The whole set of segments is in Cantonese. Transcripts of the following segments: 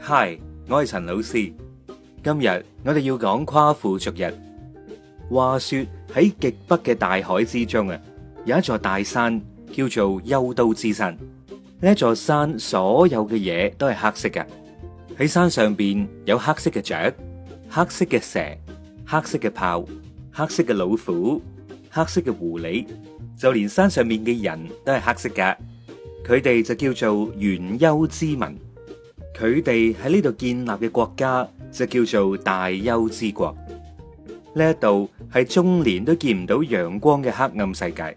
嗨，Hi, 我係陳老師。今日我哋要講夸父逐日。話說喺極北嘅大海之中啊，有一座大山叫做幽都之山。呢座山所有嘅嘢都係黑色嘅。喺山上邊有黑色嘅雀、黑色嘅蛇、黑色嘅豹、黑色嘅老虎、黑色嘅狐狸，就連山上面嘅人都係黑色嘅。佢哋就叫做玄丘之民。佢哋喺呢度建立嘅國家就叫做大幽之國。呢一度係中年都見唔到陽光嘅黑暗世界，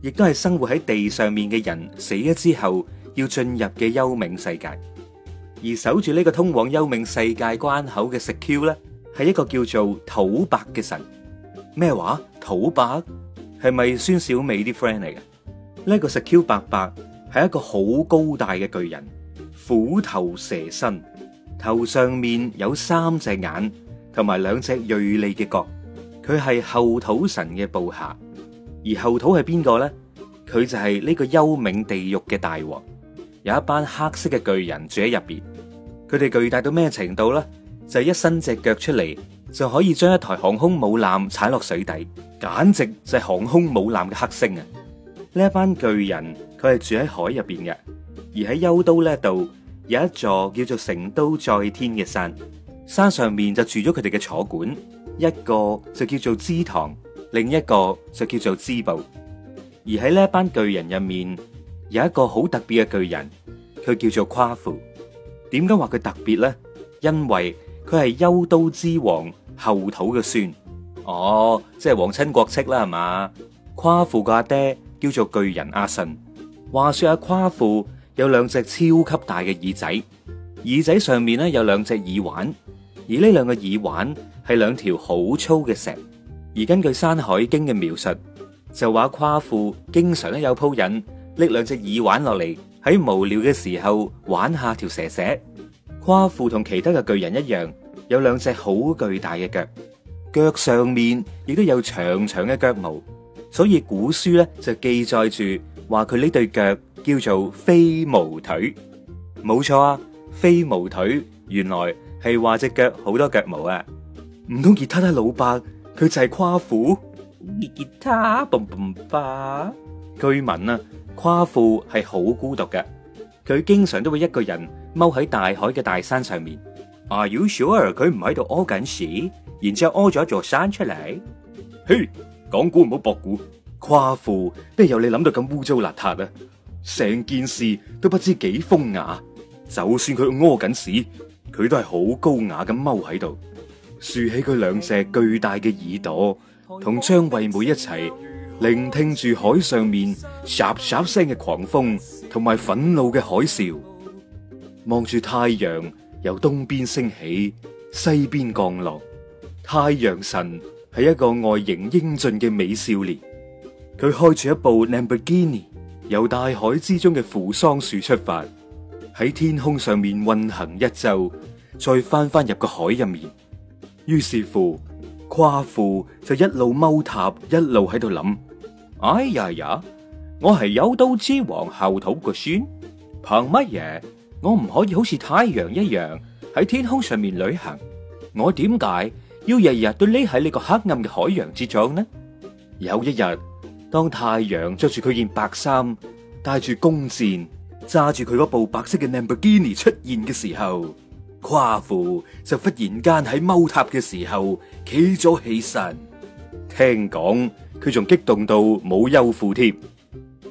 亦都係生活喺地上面嘅人死咗之後要進入嘅幽冥世界。而守住呢個通往幽冥世界關口嘅石 Q 咧，係一個叫做土伯嘅神。咩話？土伯係咪孫小美啲 friend 嚟嘅？呢、這個石 Q 伯伯係一個好高大嘅巨人。虎頭蛇身，頭上面有三隻眼，同埋兩隻銳利嘅角。佢係后土神嘅部下，而后土係邊個咧？佢就係呢個幽冥地獄嘅大王。有一班黑色嘅巨人住喺入邊，佢哋巨大到咩程度咧？就係、是、一伸隻腳出嚟就可以將一台航空母艦踩落水底，簡直就係航空母艦嘅黑星啊！呢一班巨人佢係住喺海入邊嘅，而喺幽都呢度。有一座叫做成都在天嘅山，山上面就住咗佢哋嘅坐館，一個就叫做支堂，另一個就叫做支部。而喺呢一班巨人入面，有一個好特別嘅巨人，佢叫做誇父。點解話佢特別咧？因為佢係幽都之王后土嘅孫。哦，即係皇親國戚啦，係嘛？誇父個阿爹叫做巨人阿信。話說阿誇父。有兩隻超級大嘅耳仔，耳仔上面咧有兩隻耳環，而呢兩個耳環係兩條好粗嘅蛇。而根據《山海經》嘅描述，就話夸父經常咧有鋪癮，拎兩隻耳環落嚟，喺無聊嘅時候玩下條蛇蛇。夸父同其他嘅巨人一樣，有兩隻好巨大嘅腳，腳上面亦都有長長嘅腳毛，所以古書咧就記載住話佢呢對腳叫做飛毛腿，冇錯啊！飛毛腿原來係話隻腳好多腳毛啊！唔通吉他他老伯佢就係夸父？吉他嘣嘣巴！據聞啊，夸父係好孤獨嘅，佢經常都會一個人踎喺大海嘅大山上面。Are you sure？佢唔喺度屙緊屎，然之後屙咗一座山出嚟？嘿，hey, 講古唔好博古，夸父邊有你諗到咁污糟邋遢啊！成件事都不知幾風雅，就算佢屙緊屎，佢都係好高雅咁踎喺度，豎起佢兩隻巨大嘅耳朵，同張惠妹一齊聆聽住海上面霎霎聲嘅狂風，同埋憤怒嘅海嘯，望住太陽由東邊升起，西邊降落。太陽神係一個外形英俊嘅美少年，佢開住一部 Lamborghini 由大海之中嘅扶桑樹出發，喺天空上面運行一周，再翻翻入個海入面。於是乎，夸父就一路踎塔，一路喺度諗：哎呀呀，我係有刀之王后土嘅孫，憑乜嘢我唔可以好似太陽一樣喺天空上面旅行？我點解要日日都匿喺呢個黑暗嘅海洋之中呢？有一日。當太陽着住佢件白衫，帶住弓箭，揸住佢嗰部白色嘅 Lamborghini 出現嘅時候，夸父就忽然間喺踎塔嘅時候企咗起身。聽講佢仲激動到冇休褲貼，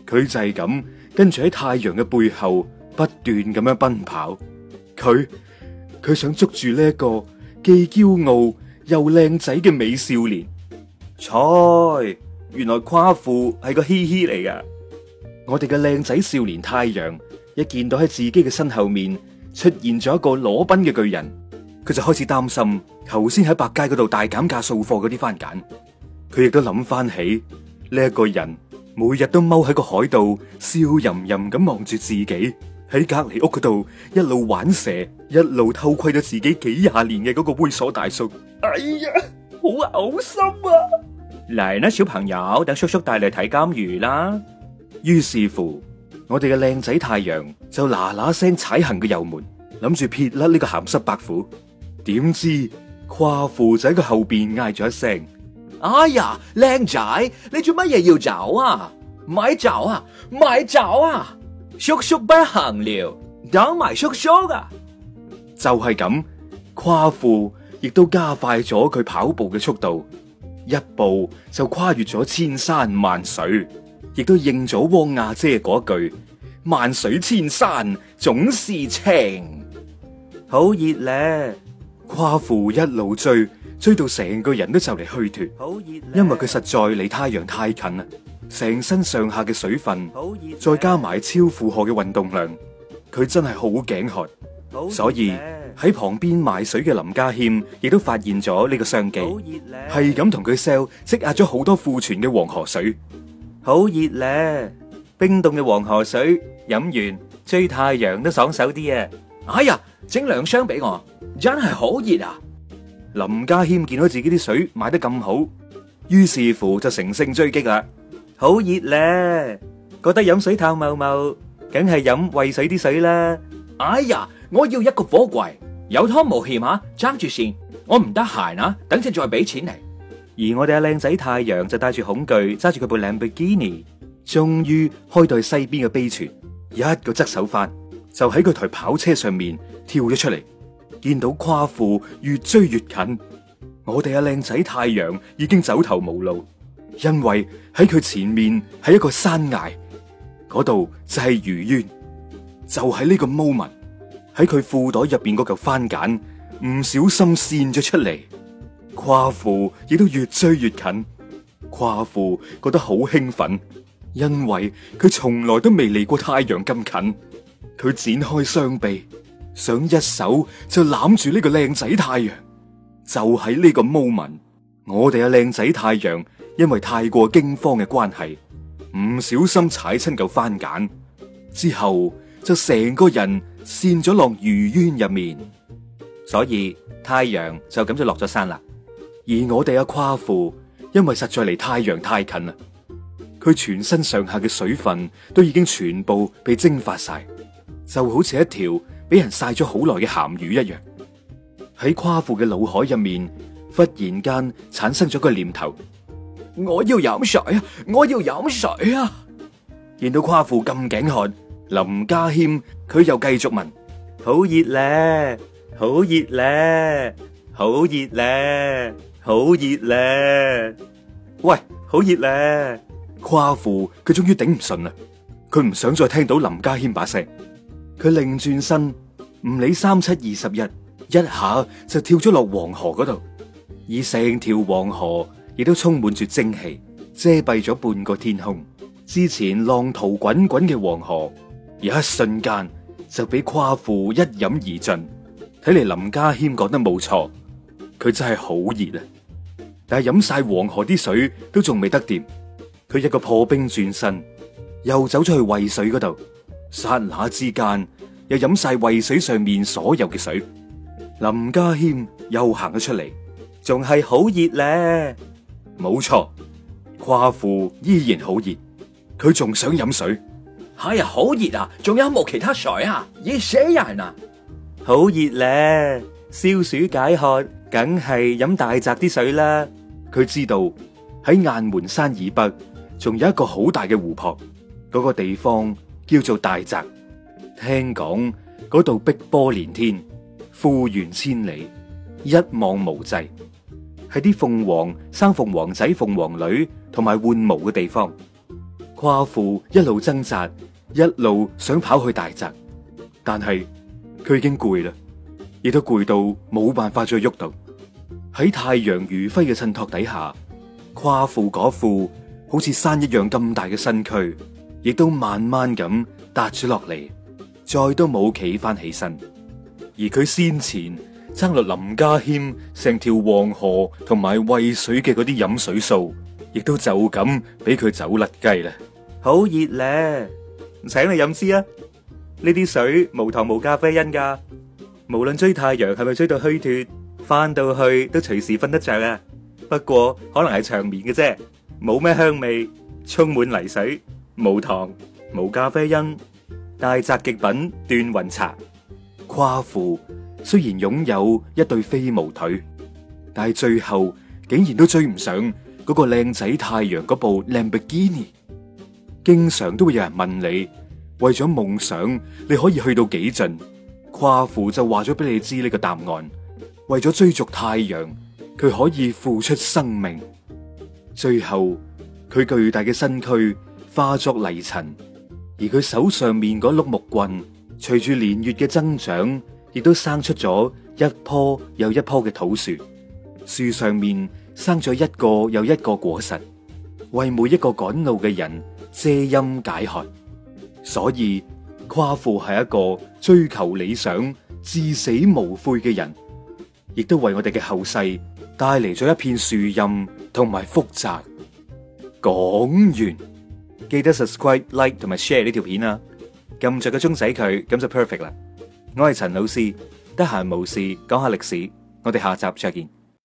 佢就係咁跟住喺太陽嘅背後不斷咁樣奔跑。佢佢想捉住呢一個既驕傲又靚仔嘅美少年。賽。原來夸父係個嘻嘻嚟噶，我哋嘅靚仔少年太陽一見到喺自己嘅身後面出現咗一個裸奔嘅巨人，佢就開始擔心頭先喺百佳嗰度大減價掃貨嗰啲番梘，佢亦都諗翻起呢一個人每日都踎喺個海度笑吟吟咁望住自己，喺隔籬屋嗰度一路玩蛇一路偷窺到自己幾廿年嘅嗰個猥瑣大叔，哎呀，好嘔心啊！嚟啦，小朋友，等叔叔帶你睇金魚啦。於是乎，我哋嘅靚仔太陽就嗱嗱聲踩行個油門，諗住撇甩呢個鹹濕白虎。點知夸父仔嘅後邊嗌咗一聲：哎呀，靚仔，你做乜嘢要走啊？咪走啊，咪走啊！叔叔不行了，等埋叔叔啊。就係咁，夸父亦都加快咗佢跑步嘅速度。一步就跨越咗千山萬水，亦都應咗汪亞姐嗰句：萬水千山總是情。好熱呢！誇父一路追，追到成個人都就嚟虛脱。好熱！因為佢實在離太陽太近啦，成身上下嘅水分，好熱！再加埋超負荷嘅運動量，佢真係好頸渴。所以喺旁邊賣水嘅林家謙亦都發現咗呢個商機，好熱咧！係咁同佢 sell 積壓咗好多庫存嘅黃河水，好熱咧！冰凍嘅黃河水飲完追太陽都爽手啲啊！哎呀，整兩箱俾我，真係好熱啊！林家謙見到自己啲水賣得咁好，於是乎就乘勝追擊啦，好熱咧！覺得飲水淡茂茂，梗係飲渭水啲水啦。哎呀！我要一個火櫃，有湯冇欠吓，揸住先。我唔得閒啊，等陣再俾錢嚟。而我哋阿靚仔太陽就帶住恐懼揸住佢部 b 蘭博基尼，終於開到去西邊嘅悲泉，一個側手法就喺佢台跑車上面跳咗出嚟。見到夸父越追越近，我哋阿靚仔太陽已經走投無路，因為喺佢前面係一個山崖，嗰度就係魚淵。就喺呢個 moment，喺佢褲袋入邊嗰嚿番梘唔小心跣咗出嚟，夸父亦都越追越近。夸父覺得好興奮，因為佢從來都未離過太陽咁近。佢展開雙臂，想一手就攬住呢個靚仔太陽。就喺呢個 moment，我哋阿靚仔太陽因為太過驚慌嘅關係，唔小心踩親嚿番梘之後，就成個人陷咗落魚淵入面，所以太陽就咁就落咗山啦。而我哋阿誇父因為實在離太陽太近啦，佢全身上下嘅水分都已經全部被蒸發晒，就好似一條俾人晒咗好耐嘅咸魚一樣。喺誇父嘅腦海入面，忽然間產生咗個念頭：我要飲水啊！我要飲水啊！見到誇父咁頸渴。林家謙佢又繼續問：好熱咧，好熱咧，好熱咧，好熱咧！喂，好熱咧！夸父佢終於頂唔順啦，佢唔想再聽到林家謙把聲，佢擰轉身，唔理三七二十一，一下就跳咗落黃河嗰度，以成條黃河亦都充滿住蒸汽，遮蔽咗半個天空，之前浪濤滾滾嘅黃河，而一瞬間就俾夸父一飲而盡，睇嚟，林家謙講得冇錯，佢真係好熱啊！但係飲晒黃河啲水都仲未得掂，佢一個破冰轉身，又走咗去渭水嗰度，刹那之間又飲晒渭水上面所有嘅水。林家謙又行咗出嚟，仲係好熱呢？冇錯，夸父依然好熱，佢仲想飲水。哎呀，好熱啊！仲有冇其他水啊？熱死人啊！好熱咧，消暑解渴，梗係飲大澤啲水啦。佢知道喺雁門山以北，仲有一個好大嘅湖泊，嗰、嗰個地方叫做大澤。聽講嗰度碧波連天，富源千里，一望無際，係啲鳳凰生鳳凰仔、鳳凰女同埋換毛嘅地方。夸父一路掙扎，一路想跑去大澤，但係佢已經攰啦，亦都攰到冇辦法再喐動。喺太陽餘暉嘅襯托底下，夸父嗰副好似山一樣咁大嘅身軀，亦都慢慢咁耷住落嚟，再都冇企翻起身。而佢先前爭落林家謙成條黃河同埋渭水嘅嗰啲飲水數。亦都就咁俾佢走甩雞啦！好熱呢，請你飲支啊！呢啲水無糖無咖啡因噶，無論追太陽係咪追到虛脫，翻到去都隨時瞓得着啊！不過可能係長眠嘅啫，冇咩香味，充滿泥水，無糖無咖啡因，大澤極品斷魂茶。夸父雖然擁有一對飛毛腿，但係最後竟然都追唔上。嗰個靚仔太陽嗰部蘭博基尼。經常都會有人問你，為咗夢想你可以去到幾盡？夸父就話咗俾你知呢個答案。為咗追逐太陽，佢可以付出生命。最後，佢巨大嘅身軀化作泥塵，而佢手上面嗰碌木棍，隨住年月嘅增長，亦都生出咗一棵又一棵嘅土樹，樹上面。生咗一個又一個果實，為每一個趕路嘅人遮陰解渴。所以夸父係一個追求理想、至死無悔嘅人，亦都為我哋嘅後世帶嚟咗一片樹蔭同埋複雜。講完，記得 subscribe、like,、like 同埋 share 呢條片啊！撳着個鐘仔佢，咁就 perfect 啦。我係陳老師，得閒無事講下歷史，我哋下集再見。